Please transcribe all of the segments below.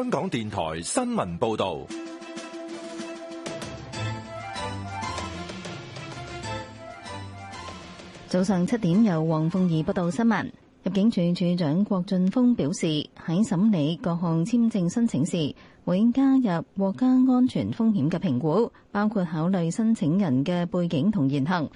香港電台新聞報道，早上七點由黃鳳儀報道新聞。入境處處長郭俊峰表示，喺審理各項簽證申請時，會加入國家安全風險嘅評估，包括考慮申請人嘅背景同言行。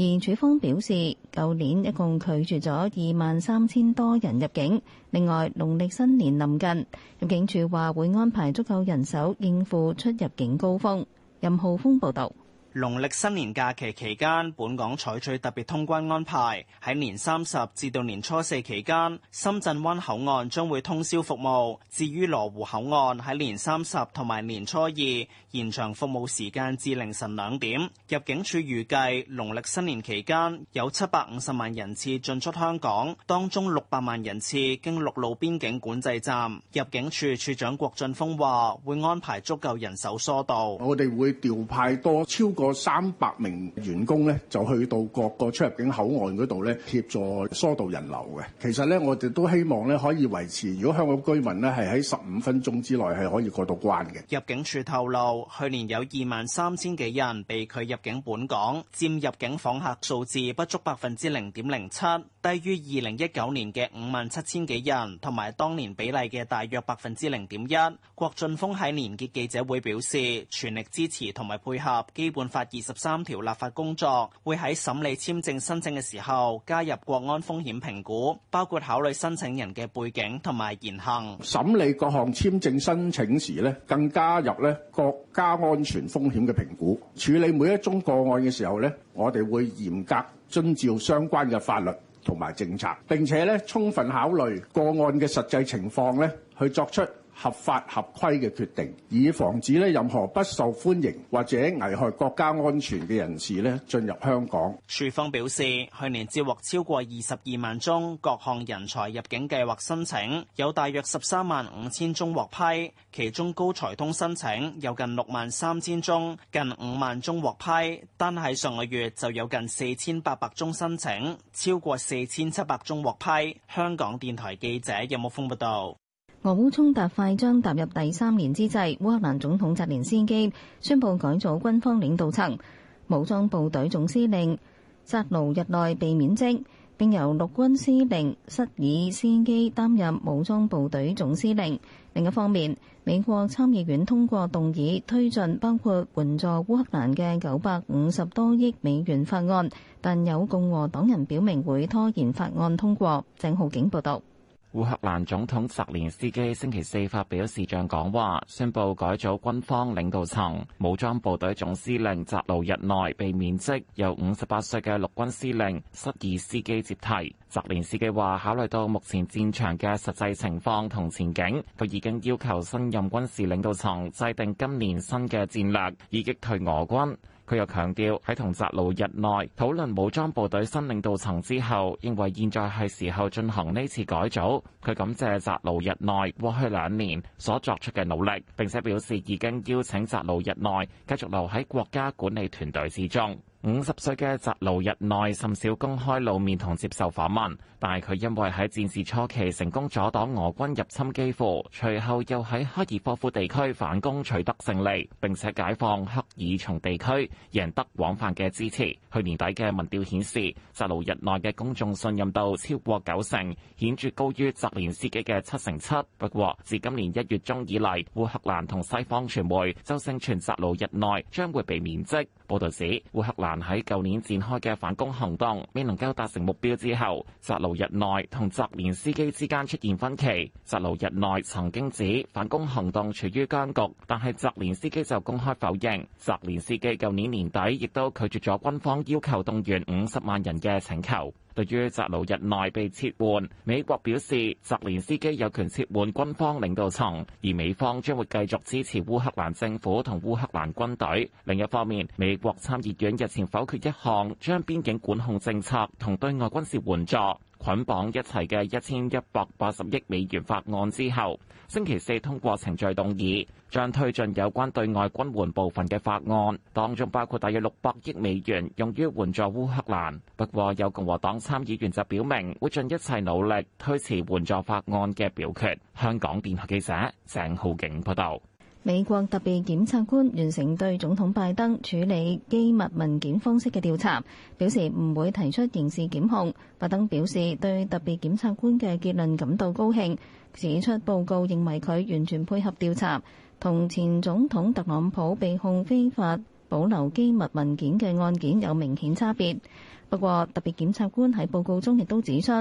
而處方表示，舊年一共拒絕咗二萬三千多人入境。另外，農曆新年臨近，入境處話會安排足夠人手應付出入境高峰。任浩峰報導。農曆新年假期期間，本港採取特別通關安排。喺年三十至到年初四期間深圳灣口岸將會通宵服務。至於羅湖口岸喺年三十同埋年初二，延長服務時間至凌晨兩點。入境處預計農曆新年期間有七百五十萬人次進出香港，當中六百萬人次經陸路邊境管制站。入境處處長郭俊峰話會安排足夠人手疏導，我哋會調派多超過三百名員工咧，就去到各個出入境口岸嗰度咧，協助疏導人流嘅。其實咧，我哋都希望咧，可以維持，如果香港居民咧，係喺十五分鐘之內係可以過到關嘅。入境處透露，去年有二萬三千幾人被拒入境本港，佔入境訪客數字不足百分之零點零七。低於二零一九年嘅五萬七千幾人，同埋當年比例嘅大約百分之零點一。郭俊峰喺年結記者會表示，全力支持同埋配合《基本法》二十三條立法工作，會喺審理簽證申請嘅時候加入國安風險評估，包括考慮申請人嘅背景同埋言行。審理各項簽證申請時呢，更加入呢國家安全風險嘅評估。處理每一宗個案嘅時候呢，我哋會嚴格遵照相關嘅法律。同埋政策，並且咧充分考慮個案嘅實際情況咧，去作出合法合規嘅決定，以防止咧任何不受歡迎或者危害國家安全嘅人士進入香港。署方表示，去年接獲超過二十二萬宗各項人才入境計劃申請，有大約十三萬五千宗獲批，其中高才通申請有近六萬三千宗，近五萬宗獲批。單喺上個月就有近四千八百宗申請，超過四千七百宗獲批。香港電台記者任木峯報道。俄烏衝突快將踏入第三年之際，烏克蘭總統澤連斯基宣布改組軍方領導層，武裝部隊總司令扎魯日內被免職，並由陸軍司令瑟爾斯基擔任武裝部隊總司令。另一方面，美國參議院通過動議推進包括援助烏克蘭嘅九百五十多億美元法案，但有共和黨人表明會拖延法案通過。鄭浩景報導。烏克蘭總統澤連斯基星期四發表視像講話，宣布改組軍方領導層，武裝部隊總司令扎盧日內被免職，由五十八歲嘅陸軍司令瑟爾斯基接替。澤連斯基話，考慮到目前戰場嘅實際情況同前景，佢已經要求新任軍事領導層制定今年新嘅戰略，以擊退俄軍。佢又強調喺同扎盧日內討論武裝部隊新領導層之後，認為現在係時候進行呢次改組。佢感謝扎盧日內過去兩年所作出嘅努力，並且表示已經邀請扎盧日內繼續留喺國家管理團隊之中。五十歲嘅澤魯日內甚少公開露面同接受訪問，但係佢因為喺戰事初期成功阻擋俄軍入侵基輔，隨後又喺哈爾科夫地區反攻取得勝利，並且解放赫爾松地區，贏得廣泛嘅支持。去年底嘅民調顯示，澤魯日內嘅公眾信任度超過九成，顯著高於澤連斯基嘅七成七。不過，自今年一月中以嚟，烏克蘭同西方傳媒就盛傳澤魯日內將會被免職。報導指，烏克蘭喺舊年展開嘅反攻行動未能夠達成目標之後，扎盧日內同澤連斯基之間出現分歧。扎盧日內曾經指反攻行動處於僵局，但係澤連斯基就公開否認。澤連斯基舊年年底亦都拒絕咗軍方要求動員五十萬人嘅請求。對於扎魯日內被撤換，美國表示澤連斯基有權撤換軍方領導層，而美方將會繼續支持烏克蘭政府同烏克蘭軍隊。另一方面，美國參議院日前否決一項將邊境管控政策同對外軍事援助捆綁一齊嘅一千一百八十億美元法案之後，星期四通過程序動議，將推進有關對外軍援部分嘅法案，當中包括大約六百億美元用於援助烏克蘭。不過，有共和黨參議員就表明會盡一切努力推遲援助法案嘅表決。香港電台記者鄭浩景報道。美國特別檢察官完成對總統拜登處理機密文件方式嘅調查，表示唔會提出刑事檢控。拜登表示對特別檢察官嘅結論感到高興，指出報告認為佢完全配合調查，同前總統特朗普被控非法保留機密文件嘅案件有明顯差別。不過特別檢察官喺報告中亦都指出，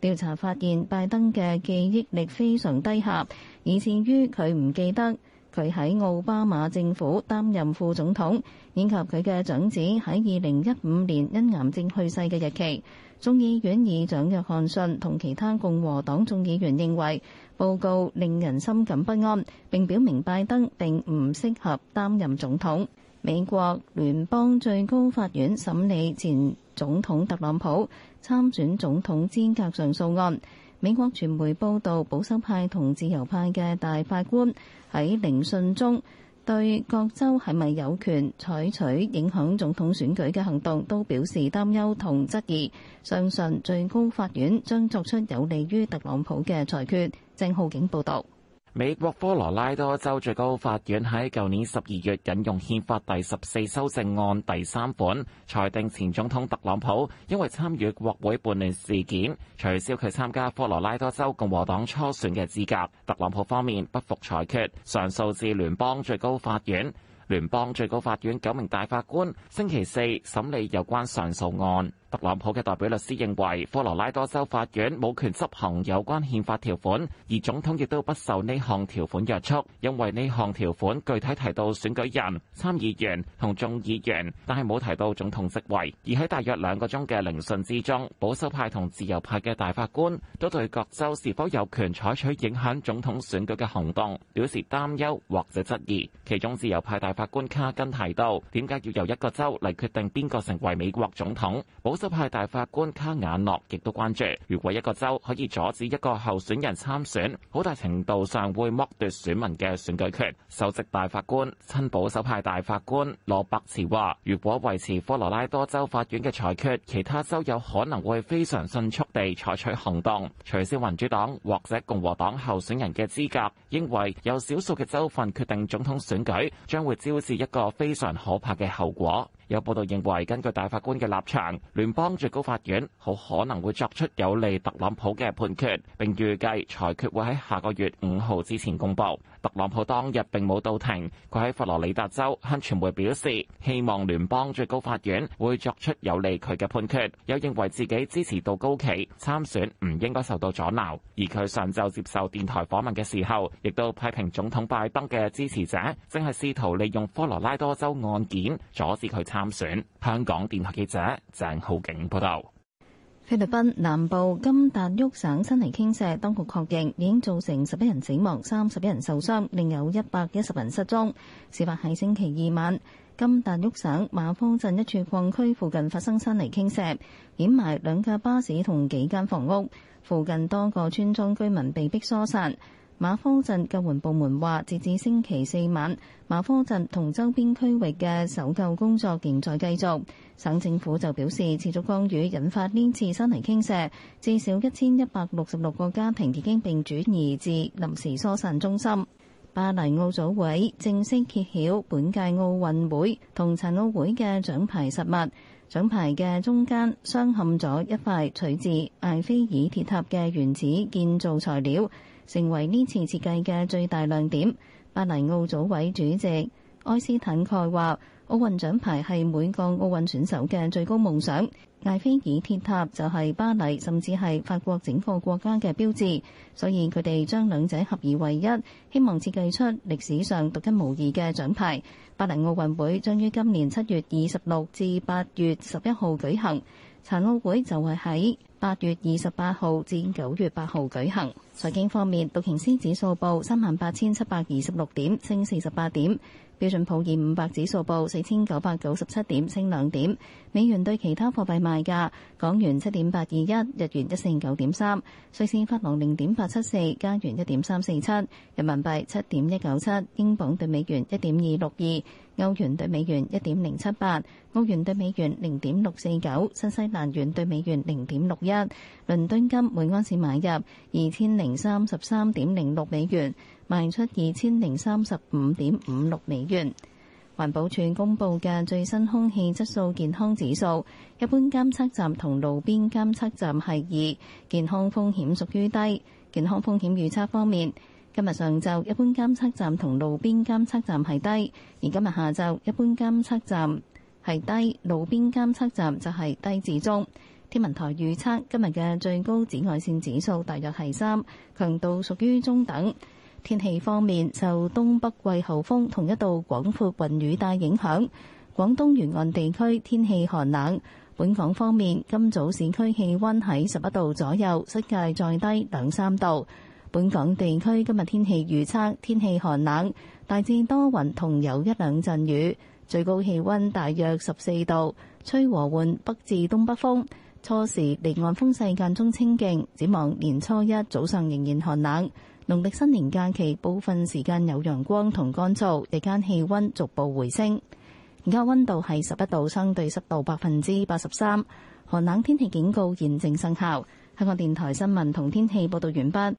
調查發現拜登嘅記憶力非常低下，以至於佢唔記得。佢喺奧巴馬政府擔任副總統，以及佢嘅長子喺二零一五年因癌症去世嘅日期。眾議院議長約翰遜同其他共和黨眾議員認為報告令人深感不安，並表明拜登並唔適合擔任總統。美國聯邦最高法院審理前總統特朗普參選總統資格上訴案。美國傳媒報道，保守派同自由派嘅大法官喺聆訊中對各州係咪有權採取影響總統選舉嘅行動都表示擔憂同質疑，相信最高法院將作出有利於特朗普嘅裁決。鄭浩景報道。美國科羅拉多州最高法院喺舊年十二月引用憲法第十四修正案第三款，裁定前總統特朗普因為參與國會叛亂事件，取消佢參加科羅拉多州共和黨初選嘅資格。特朗普方面不服裁決，上訴至聯邦最高法院。聯邦最高法院九名大法官星期四審理有關上訴案。特朗普嘅代表律師認為，科羅拉多州法院冇權執行有關憲法條款，而總統亦都不受呢項條款約束，因為呢項條款具體提到選舉人、參議員同眾議員，但係冇提到總統職位。而喺大約兩個鐘嘅聆訊之中，保守派同自由派嘅大法官都對各州是否有權採取影響總統選舉嘅行動表示擔憂或者質疑。其中自由派大法官卡根提到：點解要由一個州嚟決定邊個成為美國總統？保守州派大法官卡瓦諾亦都關注，如果一個州可以阻止一個候選人參選，好大程度上會剝奪選民嘅選舉權。首席大法官親保守派大法官羅伯茨話，如果維持科羅拉多州法院嘅裁決，其他州有可能會非常迅速地採取行動，取消民主黨或者共和黨候選人嘅資格。認為有少數嘅州份決定總統選舉，將會招致一個非常可怕嘅後果。有報道認為，根據大法官嘅立場，聯邦最高法院好可能會作出有利特朗普嘅判決，並預計裁決會喺下個月五號之前公佈。特朗普當日並冇到庭，佢喺佛羅里達州向傳媒表示，希望聯邦最高法院會作出有利佢嘅判決，又認為自己支持度高企參選唔應該受到阻撓，而佢上晝接受電台訪問嘅時候，亦都批評總統拜登嘅支持者正係試圖利用科羅拉多州案件阻止佢參。參選。香港電台記者鄭浩景報道。菲律賓南部金達沃省山泥傾瀉，當局確認已經造成十一人死亡，三十一人受傷，另有一百一十人失蹤。事發喺星期二晚，金達沃省馬坊鎮一處礦區附近發生山泥傾瀉，掩埋兩架巴士同幾間房屋，附近多個村莊居民被逼疏散。馬科鎮救援部門話，截至星期四晚，馬科鎮同周邊區域嘅搜救工作仍在繼續。省政府就表示，持續降雨引發呢次山泥傾瀉，至少一千一百六十六個家庭已經被轉移至臨時疏散中心。巴黎奧組委正式揭曉本屆奧運會同殘奧會嘅獎牌實物，獎牌嘅中間鑲嵌咗一塊取自艾菲爾鐵塔嘅原始建造材料。成為呢次設計嘅最大亮點。巴黎奧組委主席埃斯坦蓋話，奧運獎牌係每個奧運選手嘅最高夢想。艾菲爾鐵塔就係巴黎，甚至係法國整個國家嘅標誌。所以佢哋將兩者合而為一，希望設計出歷史上獨一無二嘅獎牌。巴黎奧運會將於今年七月二十六至八月十一號舉行。殘奧會就係喺八月二十八號至九月八號舉行。財經方面，道瓊斯指數報三萬八千七百二十六點，升四十八點。標準普爾五百指數報四千九百九十七點，升兩點。美元對其他貨幣賣價：港元七點八二一，日元一四九點三，瑞士法郎零點八七四，加元一點三四七，人民幣七點一九七，英鎊對美元一點二六二，歐元對美元一點零七八，澳元對美元零點六四九，新西蘭元對美元零點六一。倫敦金每盎司買入二千零三十三點零六美元。賣出二千零三十五點五六美元。環保署公布嘅最新空氣質素健康指數，一般監測站同路邊監測站係二，健康風險屬於低。健康風險預測方面，今日上晝一般監測站同路邊監測站係低，而今日下晝一般監測站係低，路邊監測站就係低至中。天文台預測今日嘅最高紫外線指數大約係三，強度屬於中等。天氣方面，受東北季候風同一道廣闊雲雨帶影響，廣東沿岸地區天氣寒冷。本港方面，今早市區氣溫喺十一度左右，新界再低兩三度。本港地區今日天氣預測，天氣寒冷，大致多雲同有一兩陣雨，最高氣溫大約十四度，吹和緩北至東北風。初時離岸風勢間中清勁，展望年初一早上仍然寒冷。農曆新年假期部分時間有陽光同乾燥，日間氣溫逐步回升。而家溫度係十一度，相對濕度百分之八十三。寒冷天氣警告現正生效。香港電台新聞同天氣報道完畢。